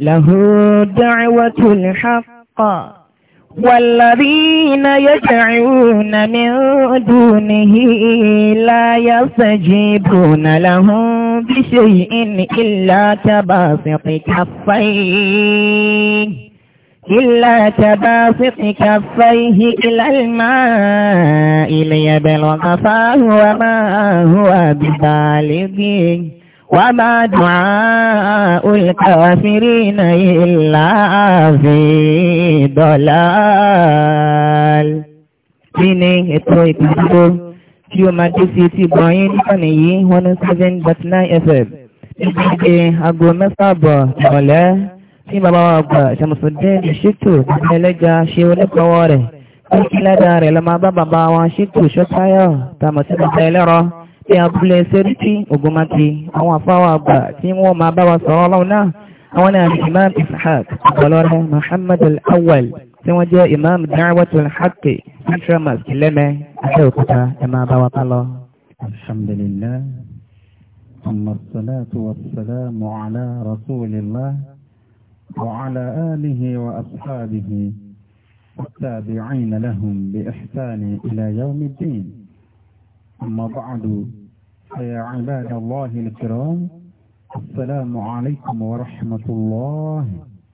له دعوة الحق والذين يدعون من دونه لا يستجيبون لهم بشيء إلا تباسط كفيه إلا تباسط كفيه إلى الماء ليبلغ فاه وما هو ببالغه wà bá dùn á olùkàfírí na ìlà àfi dọ̀lá tí ní ètò ìpínlẹ̀ tí ó máa dé sí ti bọ̀nyí nìkanì yìí 107.9 FM nígbàgbé aago mẹ́fà bọ̀ ìrọ̀lẹ́ tí bàbá wa gbà ṣàmùsùndé ṣètò ẹlẹ́jà ní abúlé sẹ́rìtì ogunmáti àwọn afáwà àgbà tí wọ́n máa bá wa sọ̀rọ̀ ọlọ́run náà àwọn náà ni imam ishaq ọ̀pọ̀lọ́rẹ́ muhammad al-awwal tí wọ́n jẹ́ imam da'watul haqqi central mosque lẹ́mẹ́ abẹ́òkúta ẹ máa bá wa pálọ. alhamdulillah amma salatu wa salamu ala rasulillah wa ala alihi wa ashabihi والتابعين لهم بإحسان إلى يوم الدين أما بعد فيا عباد الله الكرام السلام عليكم ورحمة الله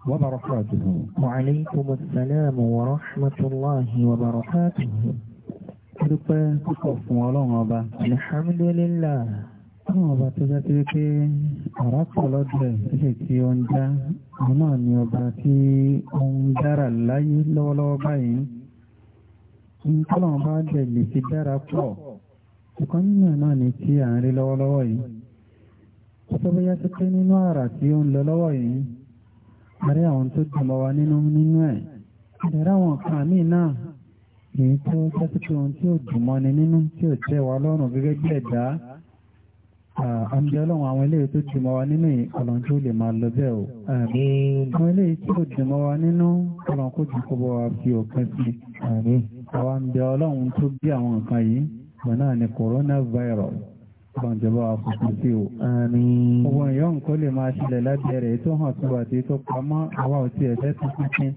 وبركاته وعليكم السلام ورحمة الله وبركاته dúpẹ́ púpọ̀ fún ọlọ́run ọba. alhamdulillah. ọlọ́run ọba tó jẹ́ pé pé ọ̀rá pọ̀ lọ́dọ̀ ẹ̀ sílẹ̀ tí ó ń dá òun ni ọba tí ó ń dára láyé lọ́wọ́lọ́wọ́ báyìí. ń tọ́lọ́run bá dẹ̀ lè fi dára pọ̀ ìkan nínú ẹ̀ náà ni tí à ń rí lọ́wọ́lọ́wọ́ yìí ó tó bóyá sí pé nínú àrà tí ó ń lọ lọ́wọ́ yìí a rí àwọn tó jọmọ wa nínú nínú ẹ̀ ìdẹ̀rẹ̀ àwọn kan àmì náà èyí tó jẹ́ sí pé ohun tí ó dùn mọ́ni nínú tí ó tẹ́ wa lọ́rùn gẹ́gẹ́ bí ẹ̀dá àmì ọlọ́run àwọn eléyìí tó jùmọ̀ wa nínú ọ̀làn tó lè máa lọ bẹ́ẹ̀ o. àwọn eléyìí tó jùmọ̀ wa nínú ọ̀làn kó jù bọ́ wa fi òpin sí. àwa ń ọlọ́run tó bí àwọn nǹkan yìí wọn náà ni coronavirus kọ̀njọba àkùkù sí o. Owó ìyọ́ nǹkan lè máa ṣẹlẹ̀ lábẹ́rẹ̀ tó hàn tó wà tí tó pamọ́ àwa ò tiẹ̀ fẹ́ tó pínpín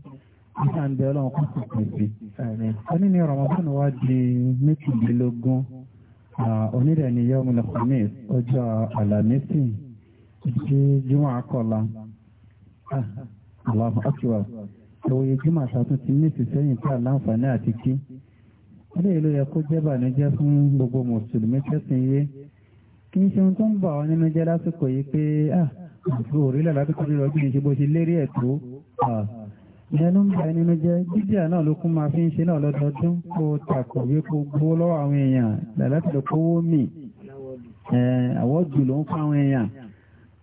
níta ń bẹ ọlọ́run kó sì pín sí. Oní ni Ramadan wá di méjìlélógún. Onídẹ̀ ni yọ́ ọjọ́ Àlàmísì ti Júmọ̀ Akọ́la. Ah, Allahu Akbar. Ìwòye Júmọ̀ àṣà tún ti ní ìsìsẹ́yìn tí àlàǹfààní àti kí eléyìí ló yẹ kó jẹ́ bànújẹ́ fún gbogbo mùsùlùmí tẹ̀sìn yé kí n ṣe ohun tó ń bà wọ́n nínú jẹ́ lásìkò yìí pé àbúrò orílẹ̀ lábẹ́kọ̀ ní ọdún yìí ṣe bó ṣe lérí ẹ̀ tó ìyẹn ló ń bà nínú jẹ́ jíjà náà ló kún máa fi ń ṣe náà lọ́dọọdún kó tàkọ̀wé kó gbó lọ́wọ́ àwọn èèyàn láti lọ kówó mì àwọ̀ jù ló ń fa àwọn èèyàn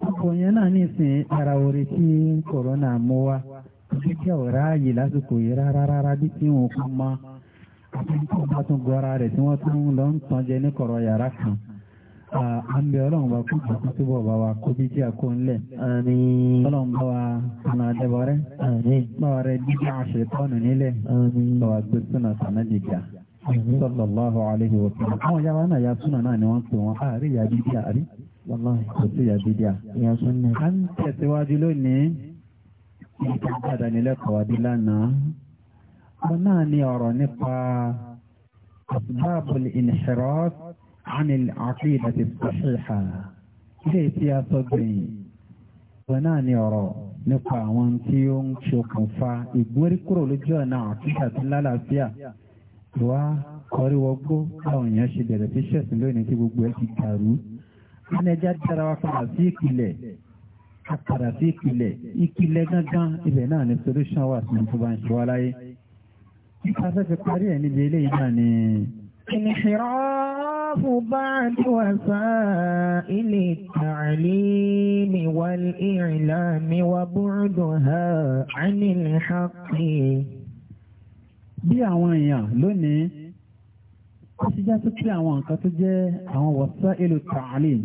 gbogbo yẹn náà ní ìsìn ara orí tí kòrónà mú wa jíjà ò ráàyè lásìkò yìí rárá rárá bí tí wọn kò máa wọ́n tún gọ́ra rẹ̀ tí wọ́n tún lọ ń tàn jẹ ní kọ̀rọ̀ yàrá kan àmì ọlọ́run bá kú jù tó bọ̀ bá wa kó bí jí àkó ńlẹ̀ ọlọ́run bá wa ọ̀nà àdẹ́bọ̀rẹ́ bá wa rẹ̀ dídí àṣetọ́nù nílẹ̀ bá wa gbé súnà sànádìgà sallallahu alaihi wa sallam àwọn ìyá wa náà ya súnà náà ni wọ́n pè wọ́n àárí ìyá bíbí àárí kò sí ìyá bíbí à. a ń tẹ̀síwájú lónìí Mo náà ni أسباب nípa عن العقيدة الصحيحة aqidati sahiha. Ilé tí a sọ gbẹ̀yìn. Mo náà ni ọ̀rọ̀ nípa àwọn tí ó ń ṣokùnfà ìgbóríkúrò lójú ọ̀nà àkíkà tó lálàáfíà. Ìwà kọríwọgbó káwọn èèyàn ṣe bẹ̀rẹ̀ sí ṣẹ̀sìn lónìí tí gbogbo ẹ̀ ti dàrú. Wọ́n dára wa padà sí ìpìlẹ̀ a padà sí ìpìlẹ̀ ìpìlẹ̀ gangan ibẹ̀ náà ni solution wà sí tó bá ń ṣe wá láyé. Nípa fẹ́ fi parí ẹ̀ níbi eléyìí náà ni. Ìnìṣìrọ́fù bá ti wà sáà ilé tààlímì wà ìrìnlámi wà búrúdù ha ánìlẹ̀ ṣáàkì. Bí àwọn èèyàn lónìí, ó ti já sí pé àwọn nǹkan tó jẹ́ àwọn wọ̀sá ìlú tààlímì,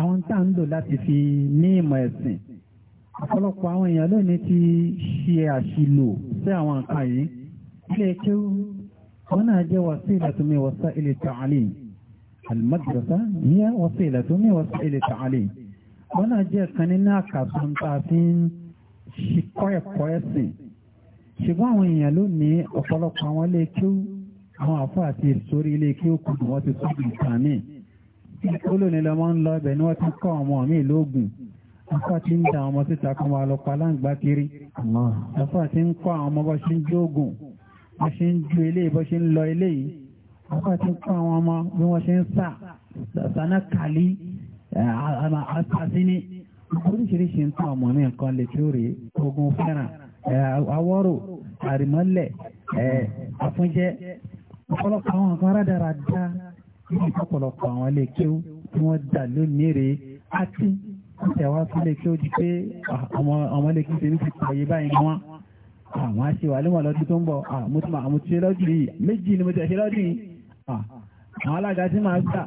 àwọn tá ń lò láti fi ní ìmọ̀ ẹ̀sìn. Ọ̀pọ̀lọpọ̀ àwọn èèyàn lónìí ti ṣe àṣìlò sí àwọn nǹkan yìí ilé ẹ̀kẹ́ wọn náà jẹ́ wasilatu min wasaili ta'alim al-madrasa hiya wasilatu min wasaili ta'alim wọn náà jẹ́ kan nínú àkàtún tá a fi ń ṣíkọ́ ẹ̀kọ́ ẹ̀sìn ṣùgbọ́n àwọn èèyàn lónìí ọ̀pọ̀lọpọ̀ àwọn ilé ẹ̀kẹ́ àwọn àfọ àti ìsorí ilé ẹ̀kẹ́ òkú wọn ti sọ́ọ̀bù ìtàn míì olónìlọ máa ń lọ ibẹ̀ ni wọ́n ti kọ́ ọmọ mi lóògùn afá ti ń da ọmọ síta kan wà lọ láǹgbá kiri afá ti ń kọ́ àwọn ọmọ bá ṣe ń jóògùn bó ṣe ń ju eléyìí bó ṣe ń lọ eléyìí àwọn ti ń kọ́ àwọn ọmọ bí wọ́n ṣe ń sà sànà kàlí àṣàṣìní oríṣiríṣi ń tán ọmọ mi nǹkan lè tó rèé ogun fẹ́ràn awọ́rò àrìmọ́lẹ̀ àfúnjẹ ọ̀pọ̀lọpọ̀ àwọn nǹkan rádaràda ní ọ̀pọ̀lọpọ̀ àwọn ilé kéwú tí wọ́n dà lónìí rèé á ti ń tẹ̀wá sílé kéwú di pé ọmọ ilé kéwú ti ń ti pààyè báyìí wọn àwọn ah, aṣèwà lẹ́wọ̀n lọ́dún tó ń bọ̀ ah, mo ti máa mo ti ṣe lọ́dún yìí méjì ni mo ti ṣe lọ́dún yìí ah, àwọn alága tí máa gbà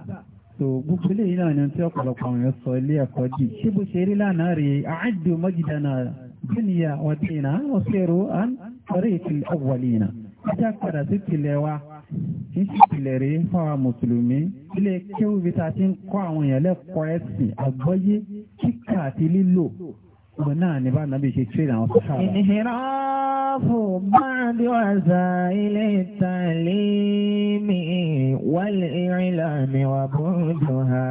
so gbogbo eléyìí náà ni tí ọ̀pọ̀lọpọ̀ àwọn èèyàn sọ ilé ẹ̀kọ́ dì ṣé bó ṣe rí lánàá rèé àádìí mọ́gìdánà dúnìyà ọ̀dìnà ọ̀ṣẹ́rò àn ọ̀rẹ́ ìpìlẹ̀ ọ̀wọ̀lìyàn ìjà padà sí ìpìlẹ̀ wa kì í ṣe ìpìlẹ̀ rèé fáwọn mùsùlùmí ilé kéwù bí ta ti ń kọ́ àwọn èèyàn lẹ́kọ̀ọ́ ẹ̀sìn àgbọ́yé kíkà àti lílò Ìgbà náà ni bá nàbí ṣe tírè àwọn tó sáà. Ìṣìráfù báàdì wàzà ilé ìtàlímì wálé ìrìnlàmì wà bójú ha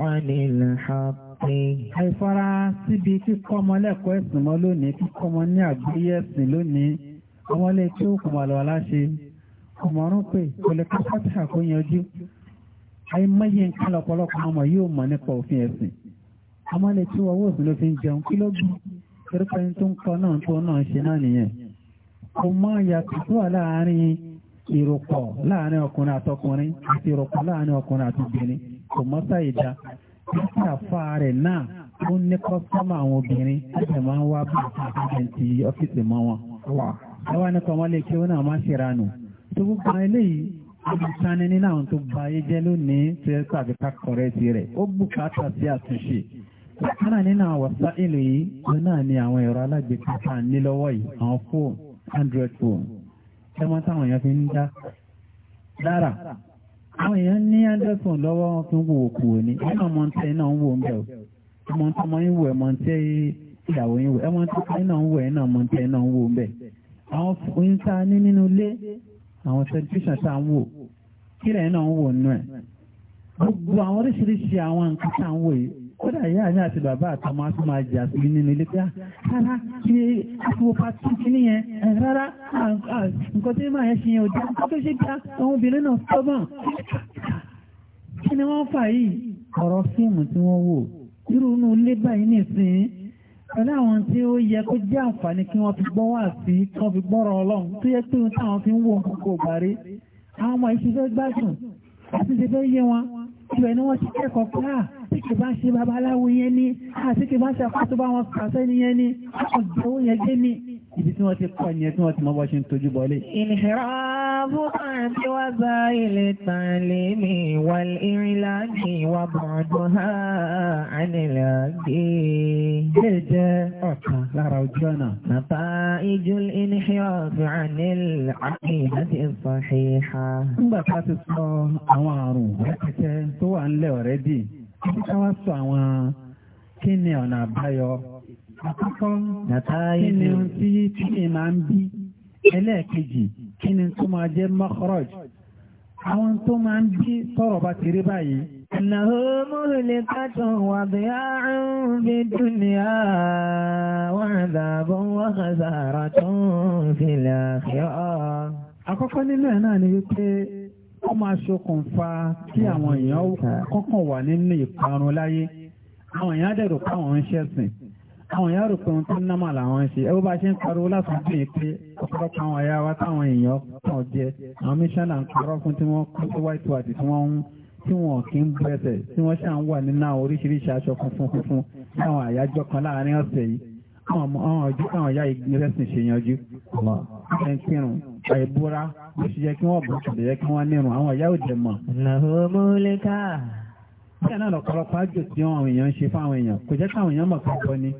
wọ́n ní ìlànàpé. Àìfara síbi kíkọ́ ọmọ lẹ́kọ̀ọ́ ẹ̀sìn mọ́ lónìí, kíkọ́ ọmọ ní àgbéyé ẹ̀sìn lónìí, ọmọlé tí ó kùmọ̀ lọ́wọ́ láṣẹ, kùmọ̀rún pé kò lè ká fátìhà kó yanjú. Àìmọye nǹkan lọ́pọ̀lọpọ̀ ọmọ yóò mọ̀ nípa òfin ẹ̀sìn amọ́lẹ̀ tí wọ́n wọ́n ló fi ń jẹun kí ló bí pẹ́rẹ́pẹ́rẹ́ tó ń kọ́ náà tó náà ṣe náà nìyẹn kò mọ ìyàtọ̀ tó wà láàárín ìrọ̀pọ̀ láàárín ọkùnrin àtọkùnrin àti ìrọ̀pọ̀ láàárín ọkùnrin àti obìnrin kò mọ́ sáyidá títí àfa rẹ̀ náà ó ní kọ́sọ́mù àwọn obìnrin ẹ̀jẹ̀ máa ń wá bí àtàkùnrin ọ́fíìsì mọ́ wọn. ẹwà ní kọ́mọ́lẹ̀ kí ó náà má ṣe tó gbogbo eléyìí àbùtánni nínú àwọn tó gba ayé jẹ́ lónìí tó yẹ kó àbíká kọ̀rẹ́ ti rẹ̀ ó bùkátà sí àtúnṣe. Bákanáà nínú àwọn wàsá ìlú yìí, òun náà ni àwọn ẹ̀rọ alágbèéká tá à ń ní lọ́wọ́ yìí, àwọn fóònù, Android phone, ṣé wọ́n táwọn èèyàn fi ń dá dára. Àwọn èèyàn ní Android phone lọ́wọ́ wọn fi ń wo òkú òní, iná ọmọ ń tẹ́ iná ń wò ń bẹ̀ o. Ọmọ ń tọmọ yín wò ẹ̀mọ ń tẹ́ ìyàwó yín wò ẹ̀mọ ń tẹ́ iná ń wò iná ọmọ ń tẹ́ iná ń wò ń bẹ̀. Àwọn oyin tá a ní nínú ilé, àwọn tẹlifíṣàn tá a ń wò, kílẹ̀ iná ń wò nínú ẹ̀. Gbogbo àwọn oríṣiríṣi àwọn nǹkan tá a ń wò yìí kódà ìyá mi àti bàbá àtàwọn a tún máa jà sí nínú ilé pé ah, rárá kí afọpàtì kìíní yẹn eh, rárá nǹkan tí màá yẹn ṣe yẹn ò dá tó ṣe dá àwọn obìnrin náà sọ́gbọ̀n kí ni wọ́n fà yìí ọ̀rọ̀ fíìmù tí wọ́n wò irú inú ilé báyìí nìsín pẹ̀lú àwọn tí ó yẹ kó jẹ́ àǹfààní kí wọ́n fi gbọ́ wá sí kí wọ́n fi gbọ́rọ̀ ọlọ́run tó yẹ pé táwọn fi ń wo gbogbo ìgbàrí àwọn ọmọ ìṣiṣẹ́ gbádùn àti ìṣiṣẹ́ yé wọn ibẹ̀ ni wọ́n ti kẹ́kọ̀ọ́ pé ah, àti bá ṣe babaláwo yẹn ni àti kí bá ṣe àpótò bá wọn kàṣẹ́ ni yẹn ni ọ̀dọ́ yẹn gé ni ibi tí wọ́n ti kọ́ ni ẹ wọ́n ti mọ́ bọ́ ṣe ń tójú bọ́lé. ìhìràbù àti wá gba ilé tàn lé mi wà ìrìnláàgì wà bọ̀dọ̀ ha ànìláàgì. lè jẹ́ ọ̀kan lára ojú ọ̀nà. bàbá ìjọ ìhìràbù ànìláàgì láti ìfọ̀ṣe ha. nígbà tá a ti sọ àwọn àrùn rẹpẹtẹ tó wà ń lẹ ọ̀rẹ́dì kí ká wá sọ àwọn kí ni ọ̀nà àbáyọ àkọ́kọ́ kí ni ohun tí kí ni máa ń bí ẹlẹ́ẹ̀kejì kí ni tó máa jẹ́ mọ́kọ́rọ́jì àwọn tó máa ń bí sọ̀rọ̀ bá ti rí báyìí. Ìnáwó múlẹ̀ kàtàn wà bí àrùn bí dúnìá wọ́n dàbọ̀ wọ́n kàzàrà tó ń fi fi ọ́. Àkọ́kọ́ nínú ẹ̀ náà ni wípé ó máa ṣokùnfà kí àwọn èèyàn kọ́kàn wà nínú ìparun láyé àwọn èèyàn dẹ̀rù pé àwọn ń ṣẹ̀sìn àwọn èèyàn rò pé ohun tó ń námà làwọn ń ṣe ẹ bó bá ṣe ń pariwo látàbí yìí pé ọ̀pọ̀lọpọ̀ àwọn ẹ̀yà wa táwọn èèyàn kàn jẹ àwọn míṣánná ń parọ́ fún tí wọ́n kó sí white white tí wọ́n ń tí wọn kì í bẹ̀sẹ̀ tí wọ́n ṣáà ń wà nínú àwọn oríṣiríṣi aṣọ funfun funfun láwọn àyájọ́ kan láàárín ọ̀sẹ̀ yìí àwọn ọjọ́ káwọn ya ìgbésẹ̀ ṣèyànjú ẹ̀ńkírun àìbúra bó ṣe yẹ kí wọ́n bọ̀ kò lè yẹ kí wọ́n nírun àwọn ìyá òde mọ̀. ìnáwó múlẹ́ká. bí ẹ̀nà ọ̀pọ̀lọpọ̀ àjò tí àwọn èèyàn ń ṣe fáwọn èèyàn kò jẹ́ káwọn èèyàn mọ̀ kọ́kọ́ ni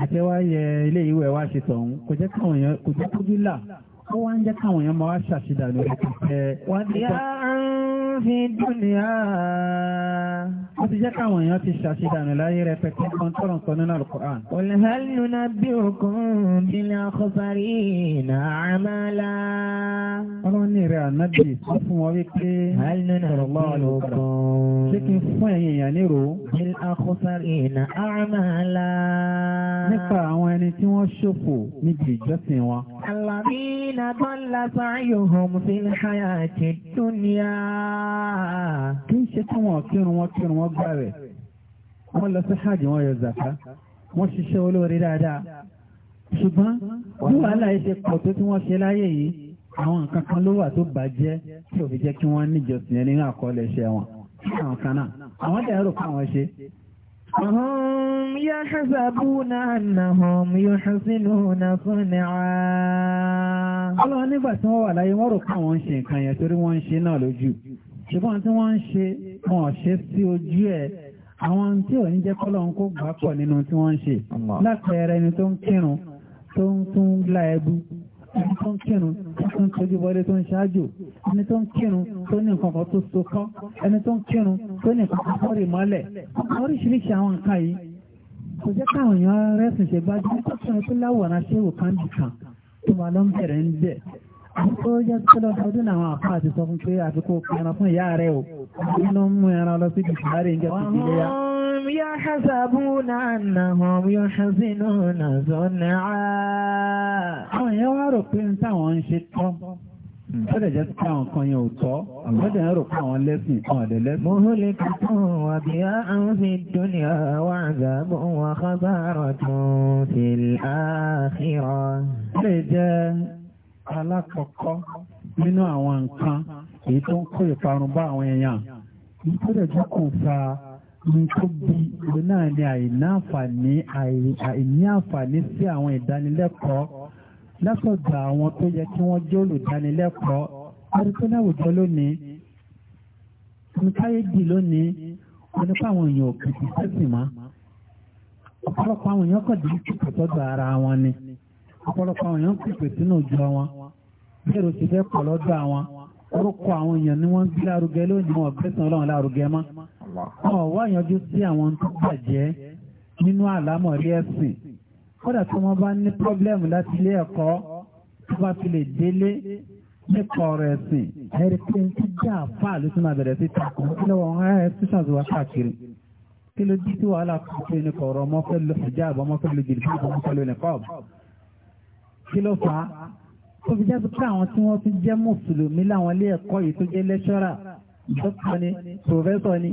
àti wá yẹ ilé ìwé wá ṣe tọ̀hún kò jẹ́ káwọn èèyàn kò jẹ́ kójú là ó wá ń jẹ́ káwọn èèyàn máa wá ṣàṣìdànù rẹ̀ kò fẹ́. wọ́n ti yá ń fi dúnìá. Ó ti jẹ́ káwọn èèyàn ti ṣàṣìdànù láyé rẹpẹtẹ kan tọ́rọ̀ sọ nínú Al-Qur'an. Olùhálù náà bí òkun bí ní akọ́sárì náà àmàlà. Ọlọ́run ní ìrẹ́ ànábì sọ fún wọn wípé. Hálù náà bí òkun. Ṣé kí n fún ẹ̀yìn èèyàn nírò? Bí akọ́sárì náà àmàlà. Nípa àwọn ẹni tí wọ́n ṣòfò níbi ìjọsìn wọn. Àlàbí náà dọ́là sáyò hàn fi ń ṣayà àti dúnìá kí ń ṣe tí wọ́n kírun wọ́n kírun wọ́n gbà rẹ̀ wọ́n lọ sí hajj wọ́n yọ zaka wọ́n ṣiṣẹ́ olóore dáadáa ṣùgbọ́n bí wàhálà yìí ṣe pọ̀ tó tí wọ́n ṣe láyé yìí àwọn nǹkan kan ló wà tó bàjẹ́ tí ò jẹ́ kí wọ́n níjọsìn nínú àkọọ́lẹ̀ iṣẹ́ wọn àwọn kan náà àwọn dẹ̀ rò pé ṣe وهم يحسبون أنهم يحسنون صنعا wà láyé wọ́n rò kán wọ́n ṣe nǹkan yẹn torí wọ́n ṣe náà lójú. Ṣùgbọ́n tí wọ́n ṣe wọ́n ṣe sí ojú ẹ̀ àwọn tí ò ní jẹ́ kọ́lọ́run kó gbà pọ̀ nínú tí wọ́n ṣe. Lápẹẹrẹ ẹni tó ń kírun tó ń tún lá ẹbú ẹni tó ń kírun tó ń tójú bọ́lé tó ń ṣáájú ẹni tó ń kírun tó ní nǹkan kan tó so kán ẹni tó ń kírun tó ní nǹkan kan kọ́rì mọ́lẹ̀ oríṣiríṣi àwọn nǹkan yìí kò jẹ́ káwọn èèyàn rẹ́sùn ṣe gbájú tó kírun tó láwòrán ṣéwò káńdì kan tó máa lọ ń bẹ̀rẹ̀ ń bẹ̀ àwọn tó jẹ́ tẹ́lẹ̀ ọdún àwọn àpá àti sọ fún pé àfikún ẹran fún ìyá rẹ̀ o أنهم يحسبون أنهم يحزنون صنعا àwọn èèyàn wá rò pé ń táwọn ń ṣe tọ́ Fẹ́lẹ̀ jẹ́ sí káwọn kan yẹn ò tọ́, àgbẹ́dẹ̀ ń rò káwọn lẹ́sìn kan ọ̀dẹ̀ lẹ́sìn. Mo lè kàtún wà bí á ń fi dúnìá wà àgbàbọ̀ wà kábàárọ̀ tún sí àṣírọ̀. Lè jẹ́ alákọ̀ọ́kọ́ nínú àwọn nǹkan èyí tó ń kó ìparun bá àwọn èèyàn. Ìfẹ́lẹ̀ jẹ́ kò fa nǹkan bí ìwé náà ni àìní àǹfààní sí àwọn ìdánilẹ́kọ̀ọ́ látọ̀dọ̀ àwọn tó yẹ kí wọ́n jẹ́ olùdánilẹ́kọ̀ọ́ arúgbó láwùjọ lónìí nkáyédì lónìí wọ́n nípa àwọn èèyàn òkìtì sẹ́sì mọ́ ọ̀pọ̀lọpọ̀ àwọn èèyàn kọ̀ dìí kìtì sọ́dọ̀ ara wọn ni ọ̀pọ̀lọpọ̀ àwọn èèyàn pèpè sínú òjò wọn bẹ́ẹ̀rù ti fẹ́ pọ̀ lọ́dọ̀ àwọn orúkọ àwọn èèyàn ni wọ́n gbé lárugẹ lónìí wọn gbẹ́sàn ọlọ́run lárugẹ mọ́ wọn wá yanjú sí àwọn tó bàjẹ́ nínú àlámọ̀rí ẹ̀sìn kódà tí wọ́n bá ní pọ́blẹ́mù láti ilé ẹ̀kọ́ tó bá fi lè délé nípa ọ̀rọ̀ ẹ̀sìn ẹ̀rí pé ń tí já àfáà ló tún máa bẹ̀rẹ̀ sí takò kí lọ́wọ́ wọn ẹ̀ ṣúṣàn tó wá káàkiri kí ló dí tí wàhálà kò pé nípa ọ̀rọ̀ ọmọ fẹ́ lo hijab ọmọ fẹ́ lo jìlìfì ọmọ fẹ́ lo nìkọ́b kí ló fà á tó fi jẹ́ pé àwọn tí wọ́n tún jẹ́ mùsùlùmí láwọn ilé ẹ̀kọ́ yìí tó jẹ́ lẹ́ṣọ́rà dókítà ni pòfẹ́sọ̀ ni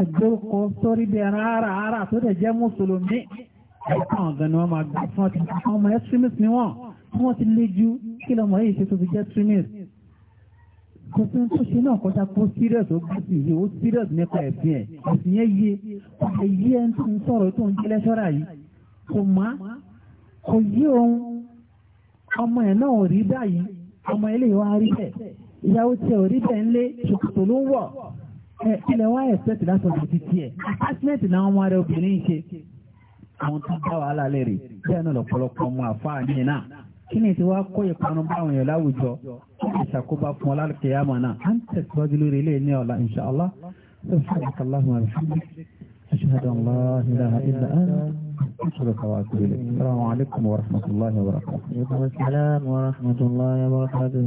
àgbókò sórí bí ara ara tó dẹ̀ jẹ́ mùsùlùmí ẹ̀kọ́ ọ̀gá ni wọ́n máa gbé fún ọtí ọmọ extremist ni wọ́n tí wọ́n ti lé ju kí lọ́mọ yìí ṣe tó fi jẹ́ extremist kò sí tó ṣe náà kọjá kó serious ó gbé sí yìí ó serious nípa ẹ̀sìn ẹ̀ ẹ̀sìn yẹn yé kò ọmọ ẹ̀ náà rí báyìí ọmọ ilé wa rí bẹ́ẹ̀ ìyàwó tiẹ̀ ò rí bẹ́ẹ̀ ń lé ṣòkòtò ló ń wọ̀ ilẹ̀ wá ẹ̀sẹ̀tì látọ̀dọ̀ ti tiẹ̀ apásímẹ́ǹtì náà wọn rẹ obìnrin ṣe àwọn tó dá wàhálà lẹ́rìí bẹ́ẹ̀ náà lọ́pọ̀lọpọ̀ mu àfáà ní náà kí ni ti wá kó ìpanu báwọn èèyàn láwùjọ ìṣàkóbá fún ọlálùkẹ́ yá màná à ń tẹ̀síwájú lórí ilé ní ọ̀la inṣàlá سبحانك اللهم وبحمدك أشهد أن السلام عليكم ورحمة الله وبركاته. السلام ورحمة الله وبركاته.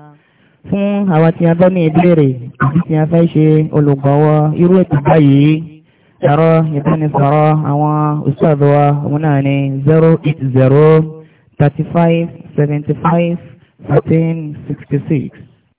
fún àwa tí a bá ní ìbéèrè àti tí a fẹ́ ṣe olùgbọ́wọ́ irú ètò báyìí ẹ̀rọ ìbánisọ̀rọ̀ àwọn ustad wa òun náà ni 080 35 75 13 66